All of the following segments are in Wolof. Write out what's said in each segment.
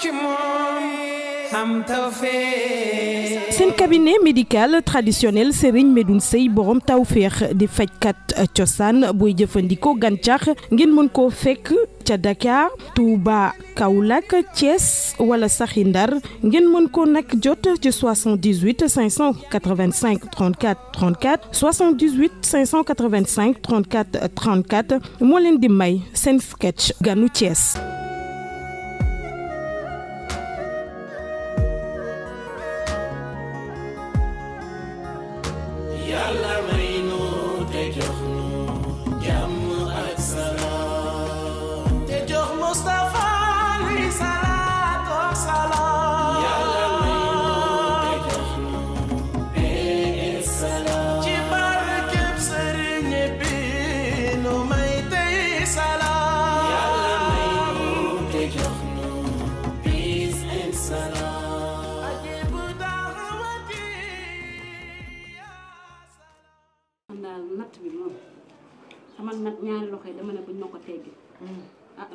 ci moom cabinet médical traditionnel Serigne Medoun Sey borom tawfeex di fajkat cosaan booy jëfandikoo gantiax ngeen mën ko fekk ca Dakar Touba Kaolack Thiès wala Sakhindar Ndar ngeen ko nak jot ci 78 585 34 34 78 585 34 34 mo leen di may sen sketch ganu Thiès.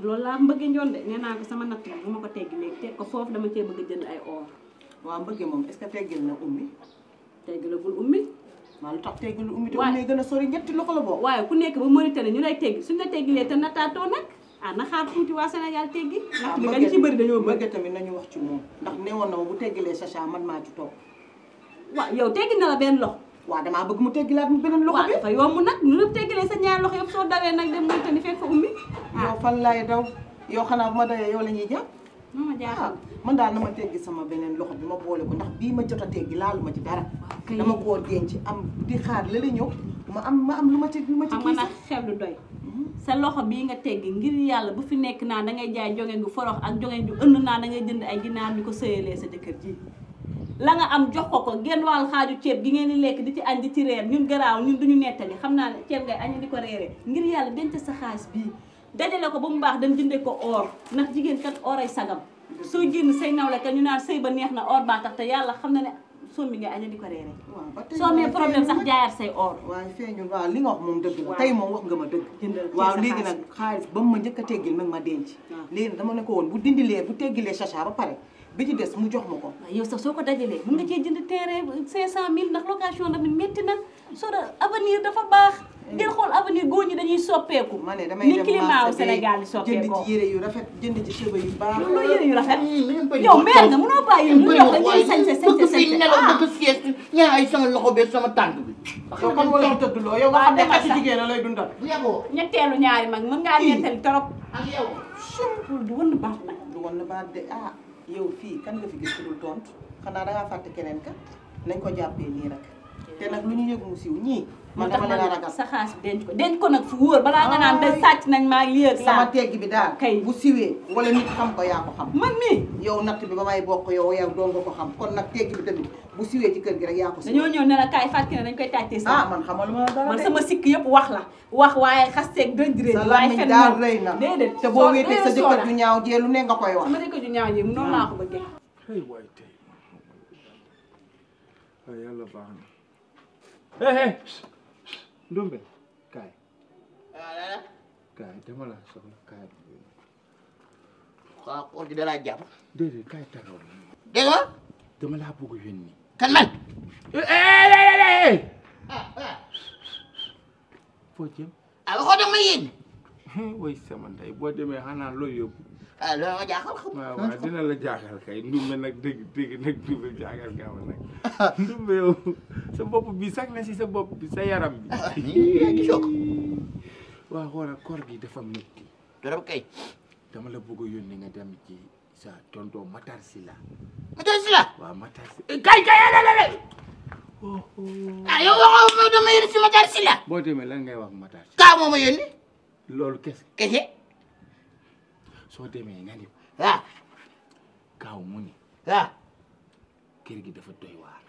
loolu laa mbëgge njoon de nee naa ko sama natt bu ma ko teggi léegi teg ko foofu dama cee bëgg jënd ay or waaw mbëgge moom est ce que teggil na ummi teggilagul ummi maa lu tax teggil gën a sori ñetti loxo la boobu waaye ku nekk ba Mauritanie ñu lay teggi suñ la teggilee te nattaatoo nag ah na xaar tuuti waa Sénégal teggi ah, natt bi gañ ci bëri dañoo bëgg tamit nañu wax ci ndax newoon na bu teggilee sacha man maa ci toog waaw yow teggi na la benn loxo waaw damaa bëgg mu teggilaat mu beneen loxo bi dafa yomb nag ñu sa ñaari loxo yëpp soo dawee nag dem Mauritanie fekk fa ummi Ah. yow fan laay daw yow xanaa bu ma dawee yow la ñuy jàpp. ma jaaxal ah, man daal na ma sama beneen loxo bi ma boole ko ndax bii ma jot a teggi laalu ma ci dara. dama koo denc am di xaar la ñëw ma am ma am lu ma ci lu ma ci. kii sax xel du doy. Hmm? sa loxo bii nga teggi ngir yàlla bu fi nekk naa da ngay jaay jonge gu forox ak jonge gu ënd naa da ngay jënd ay ginaar ñu ko sëyalee sa jëkkër ji. la nga am jox ko ko genn wàll xaaju ceeb gi ngeen di lekk di ci añ di ci reer ñun garaaw ñun duñu nettali xam naa ne ceeb ngay añ di ko reeree ngir yàlla denc sa xaalis bi dajale ko ba mu baax dem jëndee ko or ndax jigéen kat or sagam soo génn say nawle kat ñu naan say ba neex na or baa tax te yàlla xam na ne soom bi nga aña di ko reere soo amee problème sax nga wax moom dëgg la tey moom wax nga ma dëgg waaw léegi nag xaalis ba mu ma njëkk a teggil mag ma denc léegi nag dama ne ko woon bu dindilee bu teggilee chacha ba pare bi ci des mu jox ma ko yow sax soo ko dajalee mën nga cee jënd terrain cinq cent mille ndax location damit métti na soo avenir dafa baax ngeen xool avenir góor ñi dañuy soppeeku. ma ne damay dem marché ni climat wu Sénégal di soppeeku. jënd ci yu rafet jënd ci cheveux yu baax. loolu yére yu rafet. yow mère nga mënoo bàyyi ñu jox la ñuy sañse sañse ah. loo yow nga xam ne xasi jigéen la lay dundal. ñaari mag mën ngaa ñetteel trop. ak yow. surtout du woon baax nag. du woon baax de ah yow fii kan nga fi gis ku dul tontu xanaa dangaa fàtte keneen ka nañ ko jàppee nii rek te nag lu ñu yëg mu siiw ñii man dama leen ragal sa xaas bi denc ko denc ko nag fu wóor balaa nga naan de sàcc nañ maa lii sama tegg bi daal kay bu siwee wala nit xam ko yaa ko xam man mi yow natt bi ba may bokk yow yow doo nga ko xam kon nag tegg bi tamit bu siwee ci kër gi rek yaa ko si dañoo ñëw ne la kaay fàtte ne dañ koy sa ah man xamal ma dara wax la wax waaye xasteeg dëndré waaye fen daal ñaaw lu ne nga koy wax sama jëkkër ju ñaaw jee Ndumbe kaay. kaay dama la soxla kaay. waaw kooku da laa jàpp. déedéet kaay taxaw la. dégg nga. dama laa bëgg yónni. kan man. foo eh, jëm. Eh, eh, ah waxoo dama yéen. way sama ndey boo demee xanaa loo yóbbu. ah loolu jaaxal xam nga. waaw waaw dina la jaaxal kay ndumbe nag dégg dégg nag ndumbe jaaxal nga ma nag. ndumbe yow sa bopp bi Wah na si sa bopp bi sa yaram bi. ah gisoo ko. waaw xoolal koor gi dafa métti. trop kay. dama la bëgg a yónnee nga dem ci sa tonton Matar Sylla. Matar Sylla. Wah Matar Sylla. kay kay alal ah yow Ayo dama yónni si Matar Sylla. boo demee lan ngay wax Matar Sylla. kaa moo ma yónni. loolu kese. kese. soo demee nga ni ah kaaw mu ni ah kër gi dafa doy waar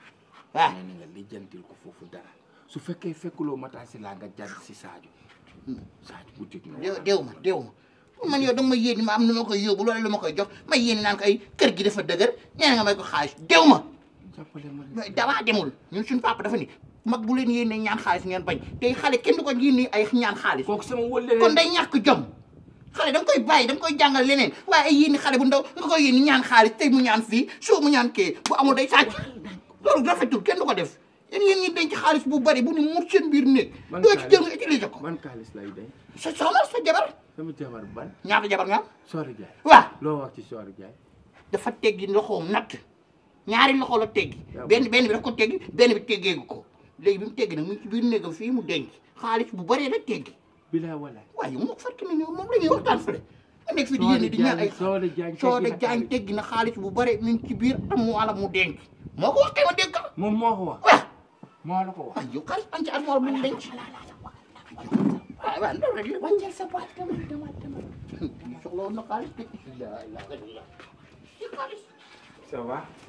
ah nee na nga lijjantil ko foofu dara su fekkee fekkuloo mataa si laa nga jàdd si Sadio Sadio boutique noonu dew ma ma man yow danga ma yéen am nu ma koy yóbbu loolu ma koy jox ma yéen naan ay kër gi dafa dëgër nee na nga may ko xaalis dew ma jàppale ma damaa demul ñun suñu papa dafa ni mag bu leen yéen ñaan xaalis ngeen bañ tey xale kenn du ko yéen ay ñaan xaalis kooku sama wëlle kon day ñàkk jom xale da nga koy bàyyi da nga koy jàngal leneen waaye ay yéen xale bu ndaw nga koy yéen ñaan xaalis tey mu ñaan fii soo mu ñaan kee bu amul day sàcc loolu rafetul kenn du ko def yéen yéen ñi denc xaalis bu bari bu ñu mur seen biir néeg doo ci jël nga ko ban xaalis lay denc sa soxna sa jabar sama jabar ban ñaata jabar nga am Soori Jaay waaw loo wax ci Soori Jaay dafa teggi loxoom natt ñaari loxo la teggi benn benn bi daf ko teggi benn bi teggeegu ko léegi bi mu teggi nag mu ci biir néegam mu denc xaalis bu bari la teggi bilaay walaay waaye moom fàtte nañu moom la ñuy waxtaan fële. ma nekk di yéene di ñaan ay teggi na xaalis bu bare mi ngi ci biir am wala mu denc. moo wax kay ma dégg moo ko wax. waaw moo la ko wax. yow xaalis bu mu denc. waaw waaw ndaw rek sa baat demal de. ça va.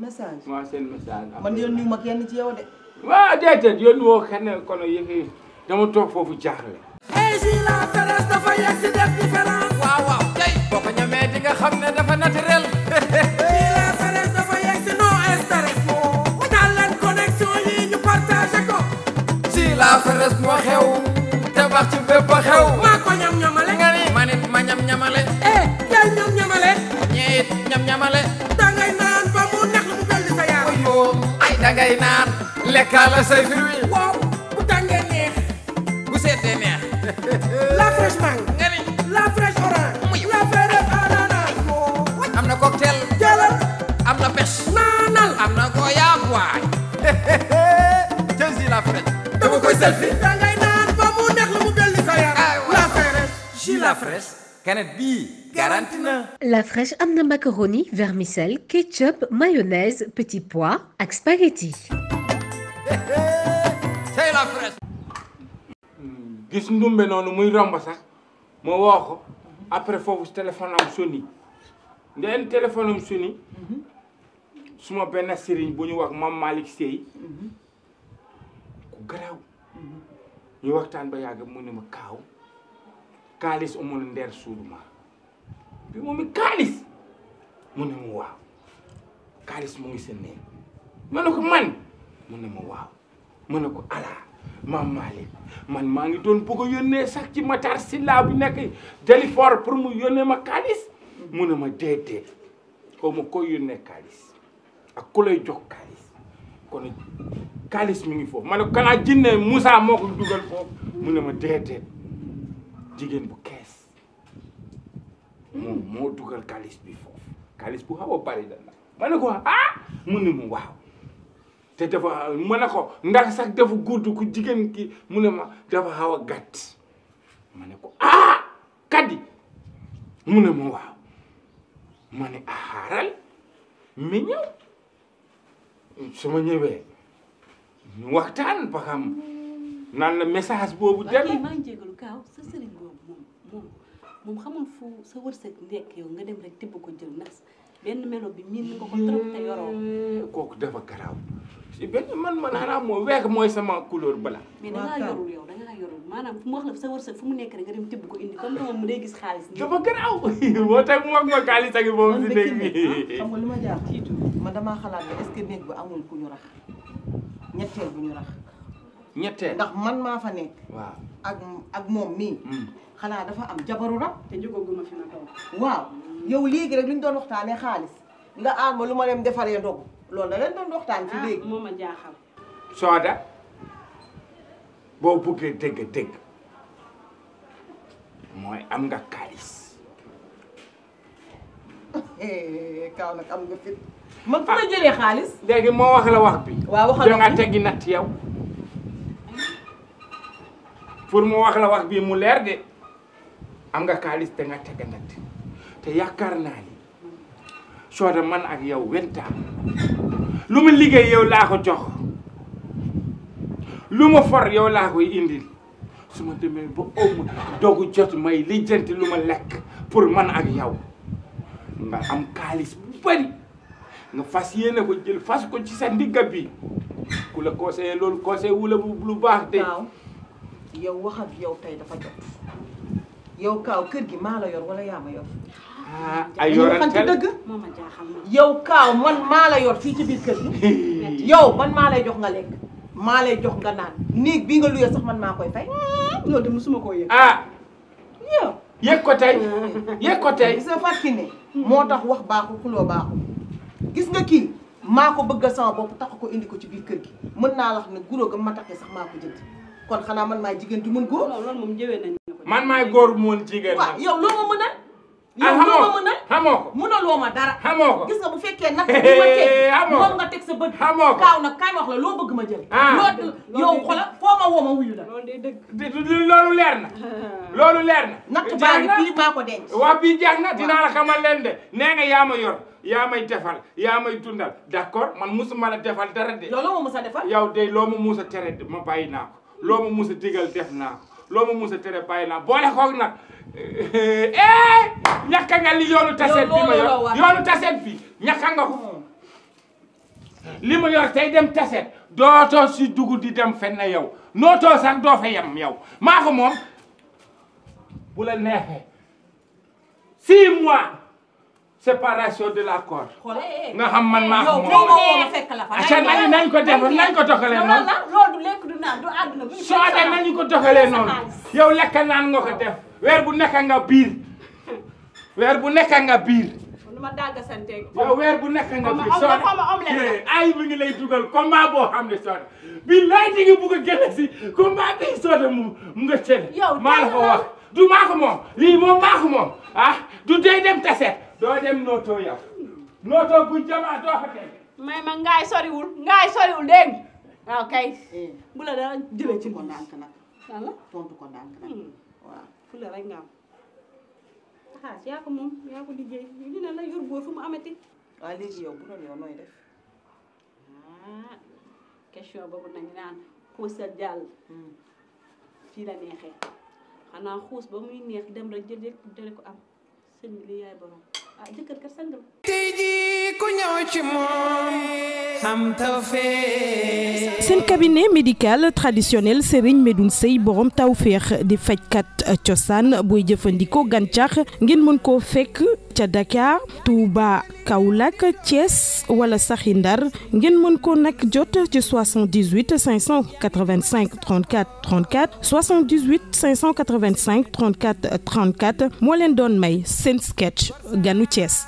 message waaw seen ma kenn ci yow de. waaw déedéet yónni woo kenn kono yëf dama toog foofu jaaxle. la presse dafa yegg si def différence. waaw waaw tey boo ko ñamee di nga xam ne dafa naturel. la presse dafa yegg si non stress. mu daal leen connexion yi ñu partagé ko. si la presse moo xew. te wax ci bépp xew. maa ko ñam la fraîche mang, la fraîche orange. la fraîche oh, ananas. cocktail. pêche. la amna je la fraîche. selfie. la mu ah, la fraîche. la fraîche. La fraîche macaroni vermicelle ketchup mayonnaise petit pois ak spaghetti tey la fraîche gis ndumbe noonu muy romb sax ma woo ko après foofu téléphone am soni ndeen téléphone am soni suma benn sëriñ bu ñu wax mam Malick Sey ku garaaw ñu waxtaan ba yàgg mu ne ma kaaw kaalis amul ndeer suuduma bi moom i kaalis mu ne mu waaw kaalis mu ngi sa néeg ma ne ko man mun na ma waaw mun na ko ala maam Malick man maa ngi doon bëgg a yónnee sax ci Matar Sylla bu nekk Dalifort pour mu yónnee ma kaalis mun na ma déedéet xaw ma ko yónnee kaalis ak ku lay jox kaalis kon kaalis mi ngi foofu ma ne ko kanaa jinne Moussa moo ko dugal foofu mun na ma déedéet jigéen bu kees moom moo dugal kaalis bi foofu kaalis bu xaw a bari la ma ne ko ah mun na mu waaw te dafa mën a ko ndax sax dafa gudd ku jigéen ki mu ne ma dafa xaw a gàtt ma ne ko ah kadi mu ne ma waaw ma ne ah, xaaral mi ñëw su ma ñëwee ñu waxtaan ba xam la message boobu dem maa ngi jégalu kaaw sa sëriñ boobu moom moom moom xamul fu sa wërsëg nekk yow nga dem rek tibb ko jël ndax benn melo bi miin nga ko trop te yoroo kooku dafa garaaw benn man man xanaa moo week mooy sama couleur bala mais da ngaa yorul yow da ngaa yorul maanaam fu mu wax la sa wërsëg fu mu nekk rek nga dem tibb ko indi comme gis xaalis dafa garaaw boo teg ah, xam nga li ma jaar tiitu damaa xalaat ne est-ce que néeg bi amul ku ñu rax ñetteel bu ñu rax ñetteel ndax man maa fa nekk waaw ak ak moom mii hmm. xanaa dafa am jabaru rab te jógaguma fi ma toog waaw yow léegi rek li ñu doon waxtaanee xaalis nga aar ma lu ma dem defaree ndogu loolu la leen doon waxtaan ci ah, léegi moo jaaxal sooda boo buggee dégg dégg mooy am nga kaalis kaw nag am nga fit man fu ma ah, jëlee xaalis léegi moo wax la wax bi waaw waxal nga teggi yow pour wax la wax mu leer de am nga kaalis te nga teggi natt te yaakaar ni sooda man ak yow lu ma liggéey yow laa ko jox lu ma for yow laa koy indil su ma demee ba ëmm dogu jot may lijjanti lu ma lekk pour man ak yow nga am kaalis bari nga fas yéene ko jël fas ko ci sa ndigga bi kula la conseillé loolu conseil wu la bu lu baax de. waaw yow wax ak yow tey dafa jot yow kaaw kër gi maa la yor wala yaa ma yor. Ah, ay kan kan yorantel man maa la yor fii ci man maa lay jox nga man de musuma koo ah yow yëg ko tey yëg ko tey sa fàkki ne moo tax wax baaxu xuloo bëgg sama bopp tax ko indi ko ci biir kër gi mën naa la guro ga ma sax jënd kon xanaa man maay jigéen du mën góor loolu moom nañ man maay góor mu yow Ah, xamoo ko xamoo ko mënaloo ma dara. xamoo gis nga bu fekkee natt bi ma teg moom nga teg sa bët. xamoo ko kaaw nag kaay wax la loo bëgg ma jël. Ah. loolu yow leer na. loolu leer na. natt baa waa bii jeex na dinaa la xamal nee nga yaa ma yor. yaa may defal yaa may dundal d'accord man musuma la defal dara de. yow loo ma musa defal. yow de ma musa tere ma bàyyi naa loo ma musa digal def naa ko loo ma musa tere bàyyi naa boole xoog nag eh, eh ñàkka nga li yoonu taseet bi ma nga ko li ma yor tey dem taseet dootoo si dugg di dem fenn yow nootoo sax doo fa yem yow maa ko moom bu la neexee six mois séparation de l'accord eh, eh. nga xam man maa ko moom nañ ko def nañ ko doxalee noonu soo de nañu ko doxalee noonu yow lekk naan nga ko def weer bu nekk nga biir weer bu nekk nga biir. ma dàgg sant yow weer bu nekk nga biir soo ay mi ngi lay dugal combat boo lay di nga bugg a génn si combat bi soo de mu nga cël. maa la ko wax du maa ko moom lii moom maa ko moom ah du dee dem taset doo dem nootoo yow nootoo bu jamaa doo fa tey. may ma ngaay soriwul ngaay soriwul dégg nga waaw kay. Eh. bu la dara jëlee ci moom tontu ko ndànk nag tontu ko ndànk nag waaw. fulle rek nga am xaas ci ak mom ya ko liggéey li ne la yor bo fu mu amati wa léegi yow bu doon yow noy def ah question boobu nañu naan xuusal jàll hmm. fii la nexé xana xuus ba muy neex dem rek jël jële ko am seen bi li yaay borom ah jëkkër ka sangal tay ji ku ñaw ci mom un cabinet médical traditionnel Serigne Medoun Sey borom tawféex di Kat cosaan booy jëfandikoo gantiax ngeen mën ko fekk ca Dakar Touba Kaolack Thiès wala Sakhindar Ndar ngeen mën ko jot ci 78 585 34 34 78 585 34 34 mo len don may sen sketch ganu Thiès.